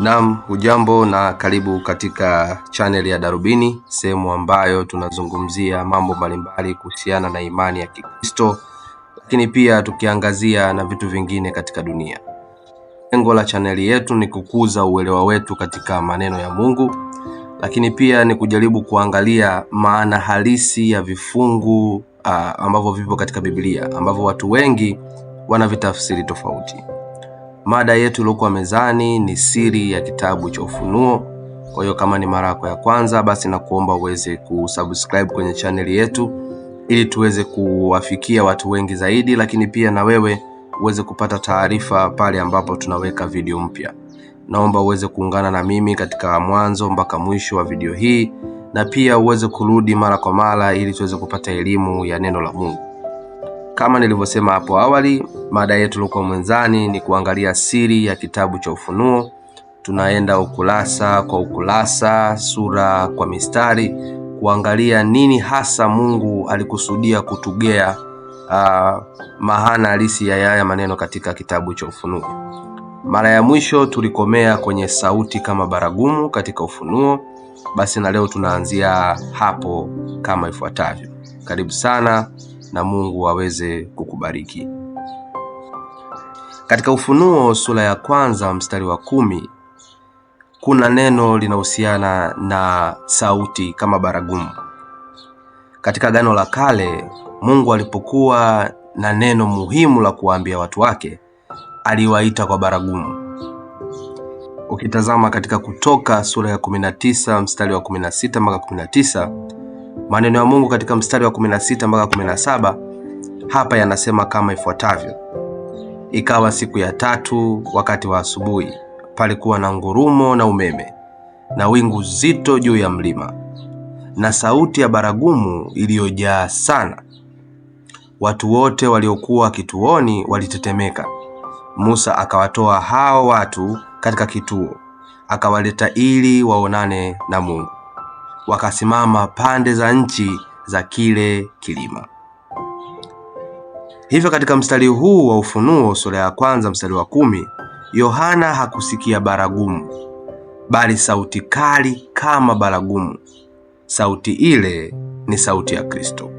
Naam, hujambo na karibu katika chaneli ya Darubini, sehemu ambayo tunazungumzia mambo mbalimbali kuhusiana na imani ya Kikristo, lakini pia tukiangazia na vitu vingine katika dunia. Lengo la chaneli yetu ni kukuza uelewa wetu katika maneno ya Mungu, lakini pia ni kujaribu kuangalia maana halisi ya vifungu uh, ambavyo vipo katika Biblia ambavyo watu wengi wanavitafsiri tofauti. Mada yetu iliyokuwa mezani ni siri ya kitabu cha Ufunuo. Kwa hiyo kama ni mara yako ya kwanza, basi nakuomba uweze kusubscribe kwenye chaneli yetu ili tuweze kuwafikia watu wengi zaidi, lakini pia na wewe uweze kupata taarifa pale ambapo tunaweka video mpya. Naomba uweze kuungana na mimi katika mwanzo mpaka mwisho wa video hii, na pia uweze kurudi mara kwa mara ili tuweze kupata elimu ya neno la Mungu. Kama nilivyosema hapo awali, mada yetu ilikuwa mwanzani ni kuangalia siri ya kitabu cha Ufunuo. Tunaenda ukurasa kwa ukurasa, sura kwa mistari, kuangalia nini hasa Mungu alikusudia kutugea uh, ah, maana halisi ya haya maneno katika kitabu cha Ufunuo. Mara ya mwisho tulikomea kwenye sauti kama baragumu katika Ufunuo. Basi na leo tunaanzia hapo kama ifuatavyo. Karibu sana na Mungu aweze kukubariki. Katika Ufunuo sura ya kwanza mstari wa kumi kuna neno linahusiana na sauti kama baragumu. Katika Agano la Kale, Mungu alipokuwa na neno muhimu la kuwaambia watu wake aliwaita kwa baragumu. Ukitazama katika Kutoka sura ya 19 mstari wa 16 mpaka Maneno ya Mungu katika mstari wa 16 mpaka 17 hapa yanasema kama ifuatavyo: ikawa siku ya tatu wakati wa asubuhi, palikuwa na ngurumo na umeme na wingu zito juu ya mlima na sauti ya baragumu iliyojaa sana. Watu wote waliokuwa kituoni walitetemeka. Musa akawatoa hao watu katika kituo akawaleta ili waonane na Mungu wakasimama pande za nchi za kile kilima. Hivyo katika mstari huu wa Ufunuo sura ya kwanza mstari wa kumi, Yohana hakusikia baragumu, bali sauti kali kama baragumu. Sauti ile ni sauti ya Kristo.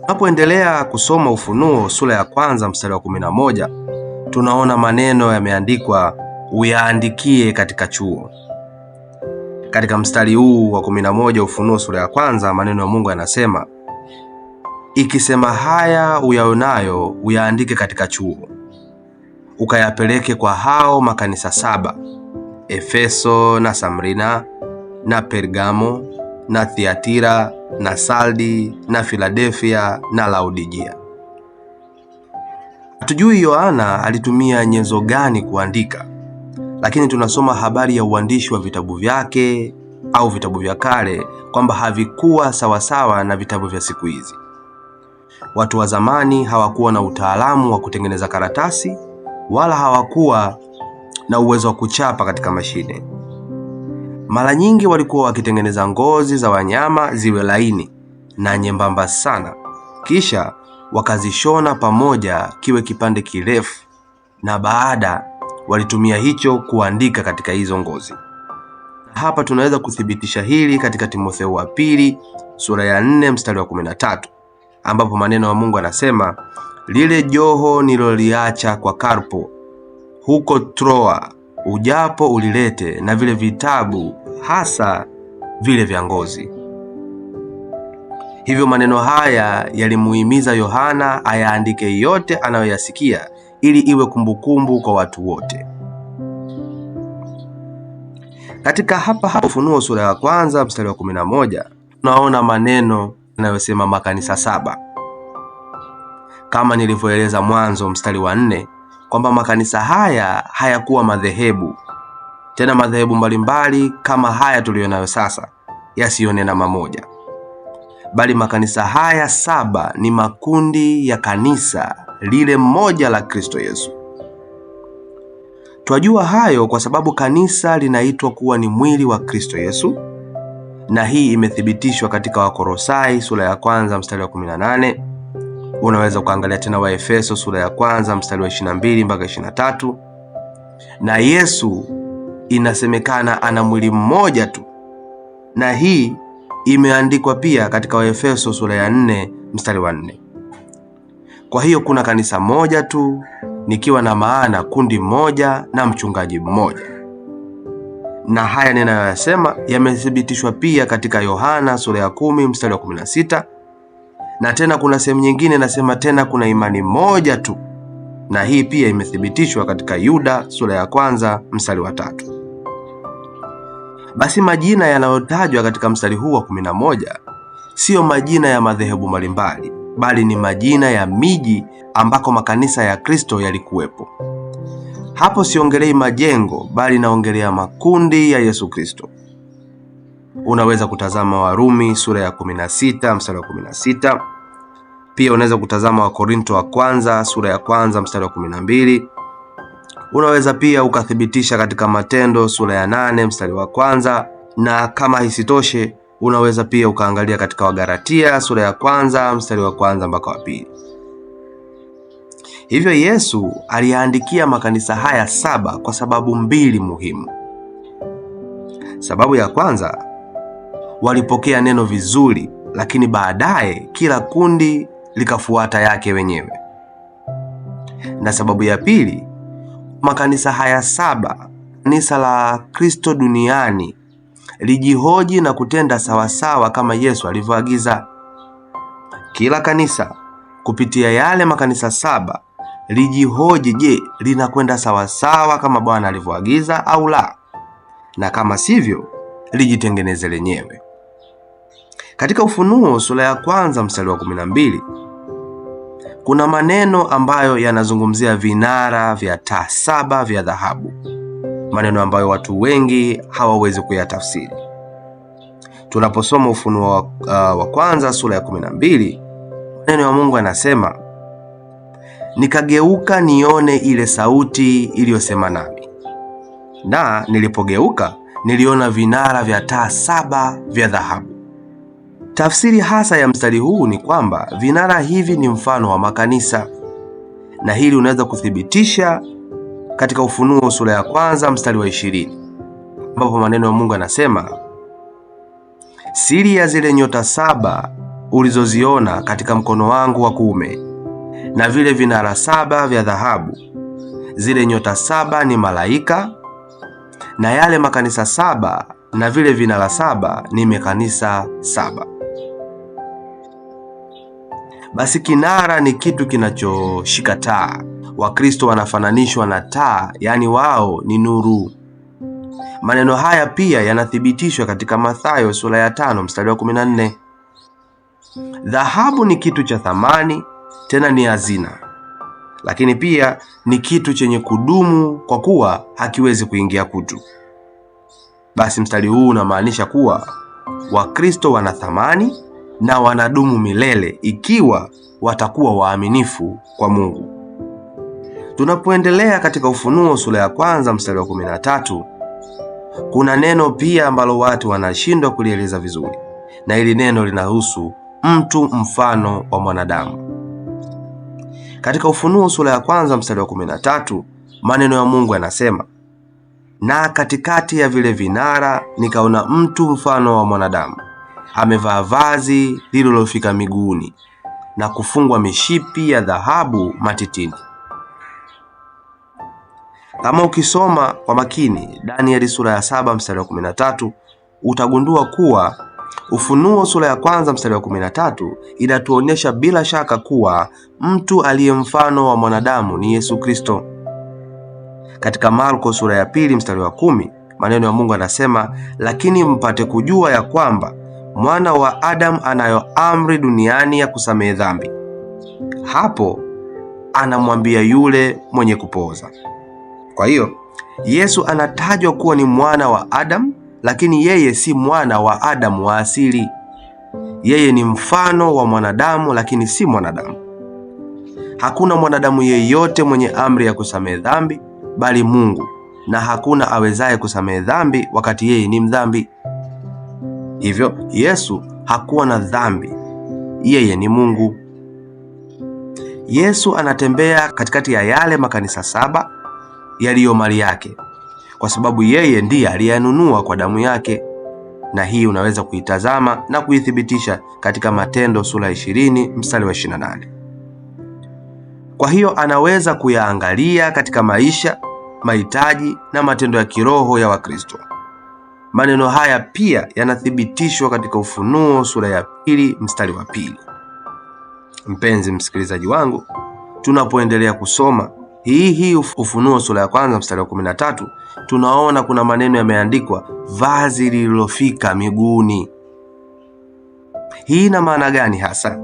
Tunapoendelea kusoma Ufunuo sura ya kwanza mstari wa 11, tunaona maneno yameandikwa, uyaandikie katika chuo katika mstari huu wa 11 Ufunuo sura ya kwanza, maneno ya Mungu yanasema, ikisema haya uyaonayo uyaandike katika chuo, ukayapeleke kwa hao makanisa saba: Efeso na Samrina na Pergamo na Thiatira na saldi na Filadelfia na Laodikia. Hatujui Yohana alitumia nyenzo gani kuandika lakini tunasoma habari ya uandishi wa vitabu vyake au vitabu vya kale kwamba havikuwa sawasawa na vitabu vya siku hizi. Watu wa zamani hawakuwa na utaalamu wa kutengeneza karatasi wala hawakuwa na uwezo wa kuchapa katika mashine. Mara nyingi walikuwa wakitengeneza ngozi za wanyama ziwe laini na nyembamba sana, kisha wakazishona pamoja kiwe kipande kirefu, na baada walitumia hicho kuandika katika hizo ngozi. Hapa tunaweza kuthibitisha hili katika Timotheo wa pili sura ya 4 mstari wa 13 ambapo maneno ya Mungu anasema, lile joho niloliacha kwa Karpo huko Troa, ujapo ulilete na vile vitabu, hasa vile vya ngozi. Hivyo maneno haya yalimuhimiza Yohana ayaandike yote anayoyasikia ili iwe kumbukumbu kwa watu wote. Katika hapa hapa Ufunuo sura ya kwanza mstari wa kumi na moja tunaona maneno yanayosema makanisa saba, kama nilivyoeleza mwanzo mstari wa nne kwamba makanisa haya hayakuwa madhehebu tena, madhehebu mbalimbali kama haya tuliyonayo sasa yasiyonena mamoja, bali makanisa haya saba ni makundi ya kanisa lile mmoja la Kristo Yesu. Twajua hayo kwa sababu kanisa linaitwa kuwa ni mwili wa Kristo Yesu, na hii imethibitishwa katika wakorosai sura ya kwanza mstari wa 18. Unaweza ukaangalia tena Waefeso sura ya kwanza mstari wa 22 mpaka 23. Na Yesu inasemekana ana mwili mmoja tu, na hii imeandikwa pia katika Waefeso sura ya 4 mstari wa 4. Kwa hiyo kuna kanisa moja tu nikiwa na maana kundi mmoja na mchungaji mmoja. Na haya ninayoyasema yamethibitishwa pia katika Yohana sura ya kumi mstari wa 16 na tena kuna sehemu nyingine inasema tena kuna imani moja tu, na hii pia imethibitishwa katika Yuda sura ya kwanza mstari wa tatu. Basi majina yanayotajwa katika mstari huu wa 11 siyo majina ya madhehebu mbalimbali, bali ni majina ya miji ambako makanisa ya Kristo yalikuwepo. Hapo siongelei majengo, bali naongelea makundi ya Yesu Kristo. Unaweza kutazama Warumi sura ya 16 mstari wa 16. Pia unaweza kutazama Wakorinto wa kwanza sura ya kwanza mstari wa 12. Unaweza pia ukathibitisha katika Matendo sura ya 8 mstari wa kwanza, na kama isitoshe Unaweza pia ukaangalia katika Wagalatia sura ya kwanza mstari wa kwanza mpaka wa pili. Hivyo Yesu aliyaandikia makanisa haya saba kwa sababu mbili muhimu. Sababu ya kwanza, walipokea neno vizuri, lakini baadaye kila kundi likafuata yake wenyewe. Na sababu ya pili, makanisa haya saba, ni sala Kristo duniani lijihoji na kutenda sawasawa kama Yesu alivyoagiza. Kila kanisa kupitia yale makanisa saba lijihoji, je, linakwenda sawasawa kama Bwana alivyoagiza au la, na kama sivyo lijitengeneze lenyewe. Katika Ufunuo sura ya kwanza mstari wa 12 kuna maneno ambayo yanazungumzia vinara vya taa saba vya dhahabu maneno ambayo watu wengi hawawezi kuyatafsiri. Tunaposoma Ufunuo wa, uh, wa kwanza sura ya 12 maneno ya Mungu anasema, nikageuka nione ile sauti iliyosema nami, na nilipogeuka niliona vinara vya taa saba vya dhahabu. Tafsiri hasa ya mstari huu ni kwamba vinara hivi ni mfano wa makanisa, na hili unaweza kuthibitisha katika Ufunuo sura ya kwanza mstari wa ishirini ambapo maneno ya Mungu anasema, siri ya zile nyota saba ulizoziona katika mkono wangu wa kuume na vile vinara saba vya dhahabu, zile nyota saba ni malaika na yale makanisa saba na vile vinara saba ni makanisa saba. Basi kinara ni kitu kinachoshika taa Wakristo wanafananishwa na taa, yaani wao ni nuru. Maneno haya pia yanathibitishwa katika Mathayo sura ya tano mstari wa 14. Dhahabu ni kitu cha thamani, tena ni hazina, lakini pia ni kitu chenye kudumu, kwa kuwa hakiwezi kuingia kutu. Basi mstari huu unamaanisha kuwa Wakristo wana thamani na wanadumu milele ikiwa watakuwa waaminifu kwa Mungu. Tunapoendelea katika Ufunuo sura ya kwanza mstari wa tatu kuna neno pia ambalo watu wanashindwa kulieleza vizuri, na hili neno linahusu mtu mfano wa mwanadamu. Katika Ufunuo sura ya kwanza mstari wa tatu maneno ya Mungu yanasema, na katikati ya vile vinara nikaona mtu mfano wa mwanadamu, amevaa vazi lililofika miguuni na kufungwa mishipi ya dhahabu matitini kama ukisoma kwa makini Danieli sura ya saba mstari wa kumi na tatu utagundua kuwa Ufunuo sura ya kwanza mstari wa kumi na tatu inatuonyesha bila shaka kuwa mtu aliye mfano wa mwanadamu ni Yesu Kristo. Katika Marko sura ya pili mstari wa kumi maneno ya Mungu anasema, lakini mpate kujua ya kwamba mwana wa Adamu anayo amri duniani ya kusamehe dhambi. Hapo anamwambia yule mwenye kupooza kwa hiyo Yesu anatajwa kuwa ni mwana wa Adamu, lakini yeye si mwana wa Adamu wa asili. Yeye ni mfano wa mwanadamu, lakini si mwanadamu. Hakuna mwanadamu yeyote mwenye amri ya kusamehe dhambi bali Mungu, na hakuna awezaye kusamehe dhambi wakati yeye ni mdhambi. Hivyo Yesu hakuwa na dhambi, yeye ni Mungu. Yesu anatembea katikati ya yale makanisa saba yaliyo mali yake, kwa sababu yeye ndiye aliyanunua kwa damu yake. Na hii unaweza kuitazama na kuithibitisha katika Matendo sura 20 mstari wa 28. Kwa hiyo anaweza kuyaangalia katika maisha, mahitaji na matendo ya kiroho ya Wakristo. Maneno haya pia yanathibitishwa katika Ufunuo sura ya pili mstari wa pili. Mpenzi msikilizaji wangu, tunapoendelea kusoma hii hii Ufunuo sura ya kwanza mstari wa kumi na tatu tunaona kuna maneno yameandikwa vazi lililofika miguuni. Hii ina maana gani hasa?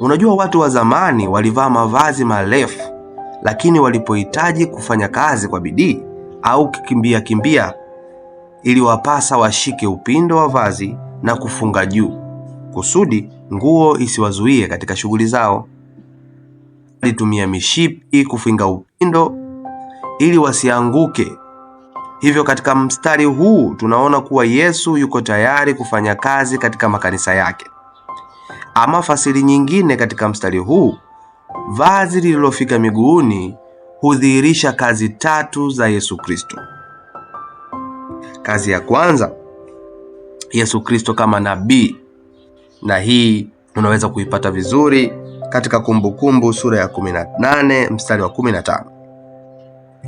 Unajua, watu wa zamani walivaa mavazi marefu, lakini walipohitaji kufanya kazi kwa bidii au kikimbia kimbia, iliwapasa washike upindo wa vazi na kufunga juu kusudi nguo isiwazuie katika shughuli zao alitumia mishipi kufunga upindo ili wasianguke. Hivyo katika mstari huu tunaona kuwa Yesu yuko tayari kufanya kazi katika makanisa yake. Ama fasiri nyingine katika mstari huu, vazi lililofika miguuni hudhihirisha kazi tatu za Yesu Kristo. Kazi ya kwanza, Yesu Kristo kama nabii, na hii unaweza kuipata vizuri katika Kumbukumbu kumbu sura ya 18 mstari wa 15,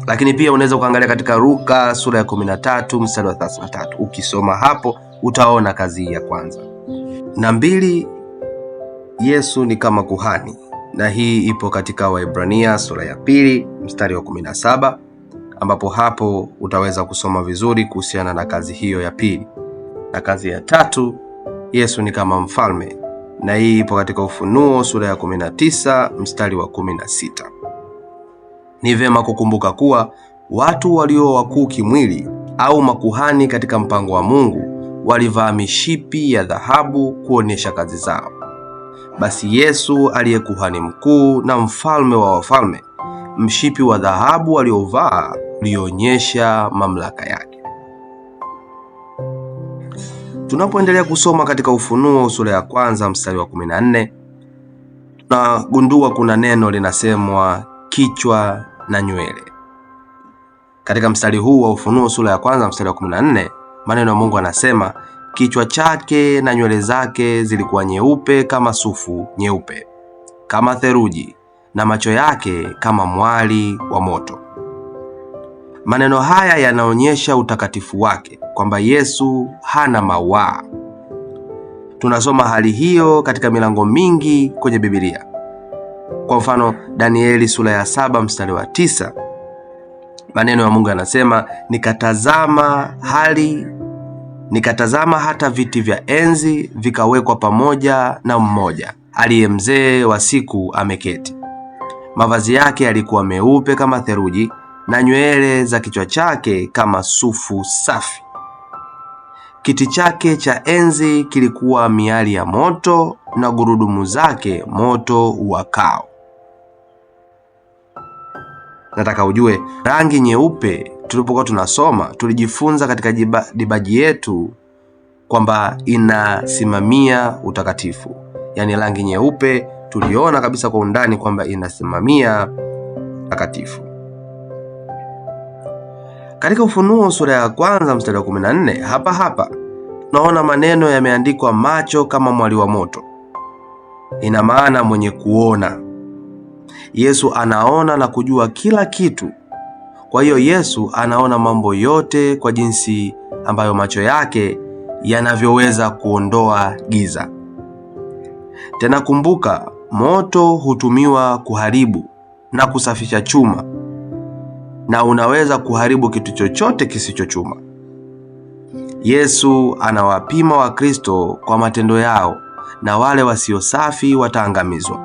lakini pia unaweza ukaangalia katika Luka sura ya 13 mstari wa 33. Ukisoma hapo utaona kazi ya kwanza na mbili. Yesu ni kama kuhani, na hii ipo katika Waibrania sura ya pili mstari wa 17, ambapo hapo utaweza kusoma vizuri kuhusiana na kazi hiyo ya pili. Na kazi ya tatu, Yesu ni kama mfalme na hii ipo katika Ufunuo sura ya 19 mstari wa 16. Ni vema kukumbuka kuwa watu walio wakuu kimwili au makuhani katika mpango wa Mungu walivaa mishipi ya dhahabu kuonyesha kazi zao. Basi Yesu aliye kuhani mkuu na mfalme wa wafalme, mshipi wa dhahabu aliovaa ulionyesha mamlaka yake. Tunapoendelea kusoma katika Ufunuo sura ya kwanza mstari wa 14 tunagundua kuna neno linasemwa kichwa na nywele. Katika mstari huu wa Ufunuo sura ya kwanza mstari wa 14 maneno ya Mungu anasema kichwa chake na nywele zake zilikuwa nyeupe kama sufu nyeupe kama theruji na macho yake kama mwali wa moto. Maneno haya yanaonyesha utakatifu wake kwamba Yesu hana mawaa. Tunasoma hali hiyo katika milango mingi kwenye Biblia. Kwa mfano, Danieli sura ya saba mstari wa tisa maneno ya Mungu yanasema, nikatazama hali nikatazama hata viti vya enzi vikawekwa pamoja na mmoja aliye mzee wa siku ameketi. Mavazi yake yalikuwa meupe kama theluji na nywele za kichwa chake kama sufu safi. Kiti chake cha enzi kilikuwa miali ya moto, na gurudumu zake moto wakao. Nataka ujue rangi nyeupe, tulipokuwa tunasoma tulijifunza katika dibaji yetu kwamba inasimamia utakatifu, yaani rangi nyeupe tuliona kabisa kwa undani kwamba inasimamia utakatifu katika Ufunuo sura ya kwanza mstari wa 14 hapa hapa naona maneno yameandikwa macho kama mwali wa moto, ina maana mwenye kuona. Yesu anaona na kujua kila kitu. Kwa hiyo Yesu anaona mambo yote kwa jinsi ambayo macho yake yanavyoweza kuondoa giza. Tena kumbuka, moto hutumiwa kuharibu na kusafisha chuma na unaweza kuharibu kitu chochote kisichochuma. Yesu anawapima Wakristo kwa matendo yao na wale wasio safi wataangamizwa.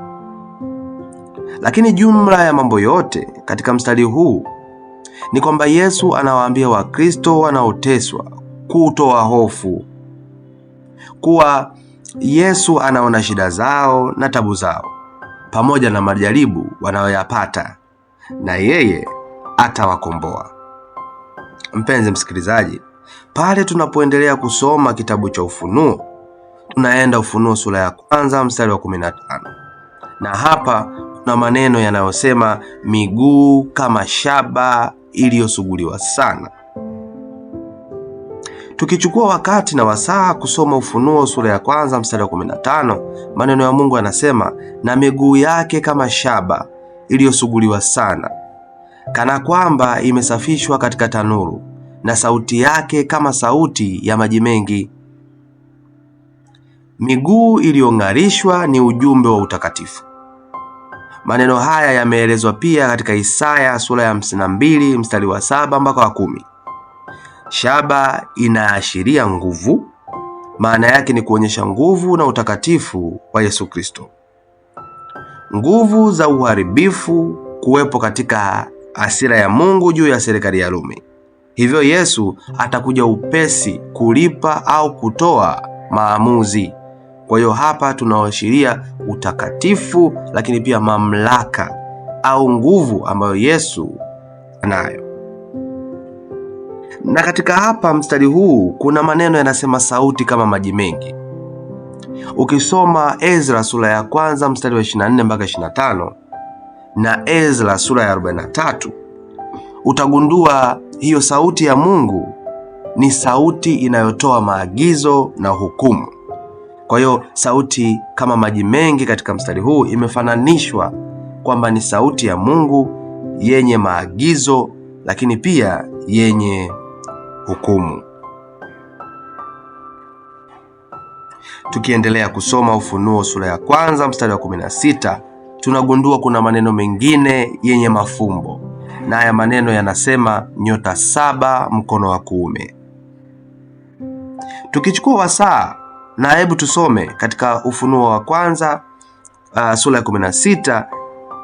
Lakini jumla ya mambo yote katika mstari huu ni kwamba Yesu anawaambia Wakristo wanaoteswa kutoa hofu, kuwa Yesu anaona shida zao na tabu zao pamoja na majaribu wanayoyapata na yeye atawakomboa. Mpenzi msikilizaji, pale tunapoendelea kusoma kitabu cha Ufunuo, tunaenda Ufunuo sura ya kwanza mstari wa 15 na hapa kuna maneno yanayosema miguu kama shaba iliyosuguliwa sana. Tukichukua wakati na wasaa kusoma Ufunuo sura ya kwanza mstari wa 15, maneno ya Mungu yanasema na miguu yake kama shaba iliyosuguliwa sana kana kwamba imesafishwa katika tanuru, na sauti yake kama sauti ya maji mengi. Miguu iliyong'arishwa ni ujumbe wa utakatifu. Maneno haya yameelezwa pia katika Isaya sura ya 52 mstari wa saba mpaka wa kumi. Shaba inaashiria nguvu, maana yake ni kuonyesha nguvu na utakatifu wa Yesu Kristo. Nguvu za uharibifu kuwepo katika hasira ya Mungu juu ya serikali ya Rumi. Hivyo Yesu atakuja upesi kulipa au kutoa maamuzi. Kwa hiyo hapa tunaashiria utakatifu, lakini pia mamlaka au nguvu ambayo Yesu anayo. Na katika hapa mstari huu kuna maneno yanasema sauti kama maji mengi. Ukisoma Ezra sura ya kwanza mstari wa 24 mpaka 25 na Ezra sura ya 43 utagundua hiyo sauti ya Mungu ni sauti inayotoa maagizo na hukumu. Kwa hiyo sauti kama maji mengi katika mstari huu imefananishwa kwamba ni sauti ya Mungu yenye maagizo, lakini pia yenye hukumu. Tukiendelea kusoma Ufunuo sura ya kwanza mstari wa 16 tunagundua kuna maneno mengine yenye mafumbo, na haya maneno yanasema nyota saba mkono wa kuume. Tukichukua wasaa na hebu tusome katika Ufunuo wa kwanza uh, sura ya 16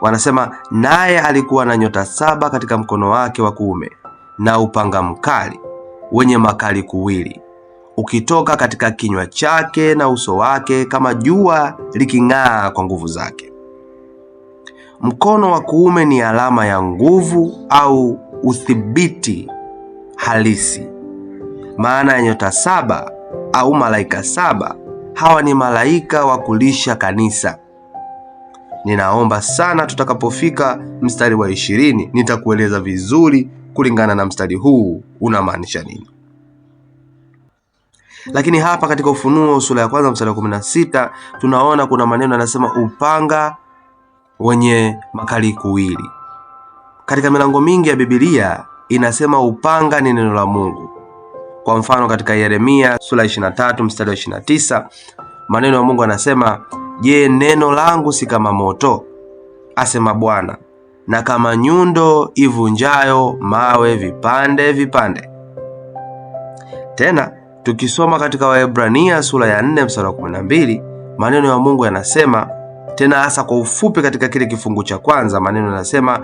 wanasema, naye alikuwa na nyota saba katika mkono wake wa kuume na upanga mkali wenye makali kuwili ukitoka katika kinywa chake na uso wake kama jua liking'aa kwa nguvu zake. Mkono wa kuume ni alama ya nguvu au uthibiti halisi. Maana ya nyota saba au malaika saba, hawa ni malaika wa kulisha kanisa. Ninaomba sana tutakapofika mstari wa ishirini nitakueleza vizuri kulingana na mstari huu unamaanisha nini. Lakini hapa katika Ufunuo sura ya kwanza mstari wa 16 tunaona kuna maneno yanasema upanga wenye makali kuwili. Katika milango mingi ya Biblia inasema upanga ni neno la Mungu. Kwa mfano katika Yeremia sura 23 mstari wa 29, maneno ya Mungu anasema, je, neno langu si kama moto, asema Bwana, na kama nyundo ivunjayo mawe vipande vipande. Tena tukisoma katika Waebrania sura ya 4 mstari wa 12, maneno ya Mungu yanasema tena hasa kwa ufupi katika kile kifungu cha kwanza, maneno yanasema,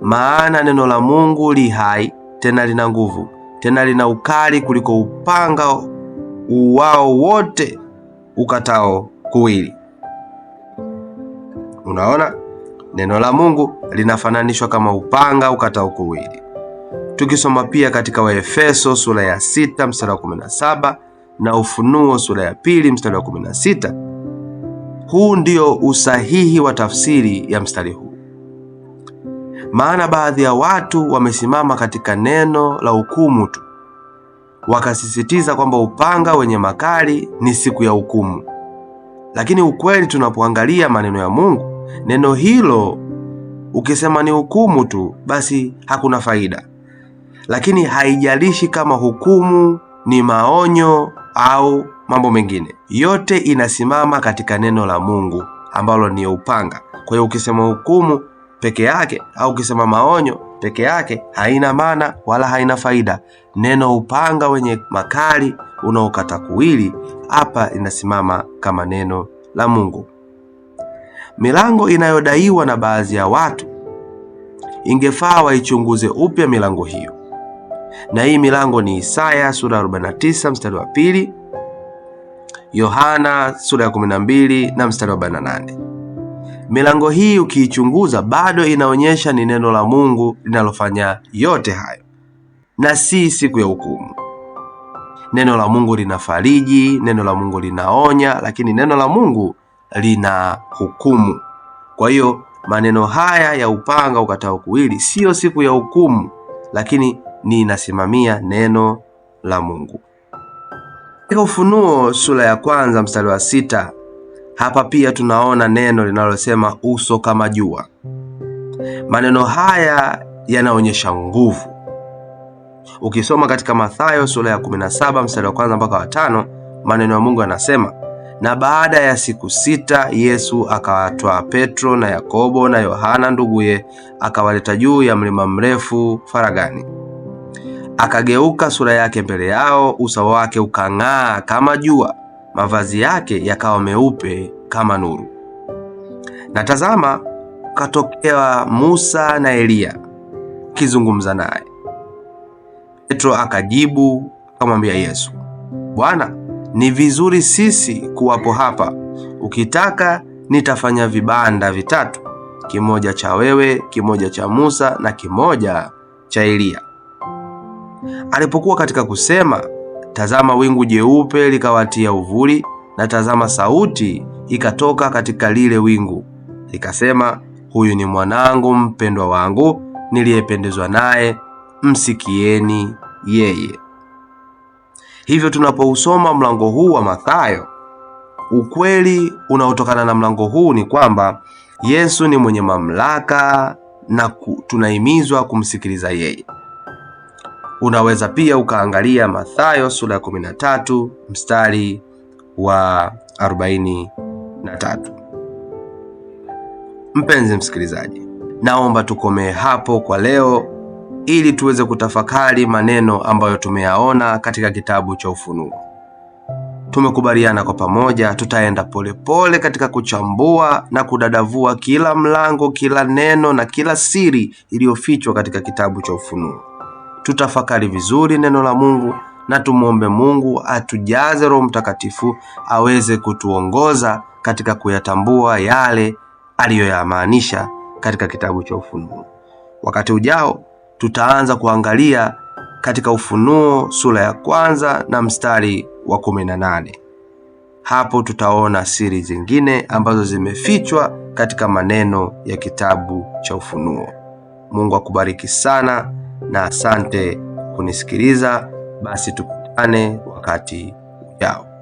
maana neno la Mungu li hai tena lina nguvu tena lina ukali kuliko upanga uwao wote ukatao kuwili. Unaona, neno la Mungu linafananishwa kama upanga ukatao kuwili. Tukisoma pia katika Waefeso sura ya 6 mstari wa 17 na Ufunuo sura ya pili mstari wa 16 huu ndio usahihi wa tafsiri ya mstari huu, maana baadhi ya watu wamesimama katika neno la hukumu tu, wakasisitiza kwamba upanga wenye makali ni siku ya hukumu. Lakini ukweli, tunapoangalia maneno ya Mungu, neno hilo ukisema ni hukumu tu, basi hakuna faida. Lakini haijalishi kama hukumu ni maonyo au mambo mengine yote inasimama katika neno la mungu ambalo ni upanga kwa hiyo ukisema hukumu peke yake au ukisema maonyo peke yake haina maana wala haina faida neno upanga wenye makali unaokata kuwili hapa inasimama kama neno la mungu milango inayodaiwa na baadhi ya watu ingefaa waichunguze upya milango hiyo na hii milango ni isaya sura 49 mstari wa pili Yohana sura ya 12 na mstari wa 48. Milango hii ukiichunguza bado inaonyesha ni neno la Mungu linalofanya yote hayo na si siku ya hukumu. Neno la Mungu linafariji, neno la Mungu linaonya, lakini neno la Mungu lina hukumu. Kwa hiyo maneno haya ya upanga ukatao kuwili siyo siku ya hukumu, lakini ni inasimamia neno la Mungu. Katika Ufunuo sura ya kwanza mstari wa sita hapa pia tunaona neno linalosema uso kama jua. Maneno haya yanaonyesha nguvu. Ukisoma katika Mathayo sura ya 17 mstari wa kwanza mpaka wa tano, maneno ya Mungu yanasema na baada ya siku sita Yesu akawatwaa Petro na Yakobo na Yohana nduguye akawaleta juu ya mlima mrefu faragani, Akageuka sura yake mbele yao, uso wake ukang'aa kama jua, mavazi yake yakawa meupe kama nuru. Na tazama, katokea Musa na Eliya akizungumza naye. Petro akajibu akamwambia Yesu, Bwana, ni vizuri sisi kuwapo hapa. Ukitaka nitafanya vibanda vitatu, kimoja cha wewe, kimoja cha Musa na kimoja cha Eliya. Alipokuwa katika kusema, tazama wingu jeupe likawatia uvuli, na tazama sauti ikatoka katika lile wingu ikasema, huyu ni mwanangu mpendwa wangu niliyependezwa naye, msikieni yeye. Hivyo tunapousoma mlango huu wa Mathayo, ukweli unaotokana na mlango huu ni kwamba Yesu ni mwenye mamlaka na tunahimizwa kumsikiliza yeye. Unaweza pia ukaangalia Mathayo sura ya 13 mstari wa 43. Mpenzi msikilizaji, naomba tukomee hapo kwa leo ili tuweze kutafakari maneno ambayo tumeyaona katika kitabu cha Ufunuo. Tumekubaliana kwa pamoja, tutaenda polepole pole katika kuchambua na kudadavua kila mlango, kila neno na kila siri iliyofichwa katika kitabu cha Ufunuo tutafakari vizuri neno la Mungu na tumwombe Mungu atujaze Roho Mtakatifu aweze kutuongoza katika kuyatambua yale aliyoyamaanisha katika kitabu cha Ufunuo. Wakati ujao tutaanza kuangalia katika Ufunuo sura ya kwanza na mstari wa 18. Hapo tutaona siri zingine ambazo zimefichwa katika maneno ya kitabu cha Ufunuo. Mungu akubariki sana na asante kunisikiliza. Basi tukutane wakati ujao.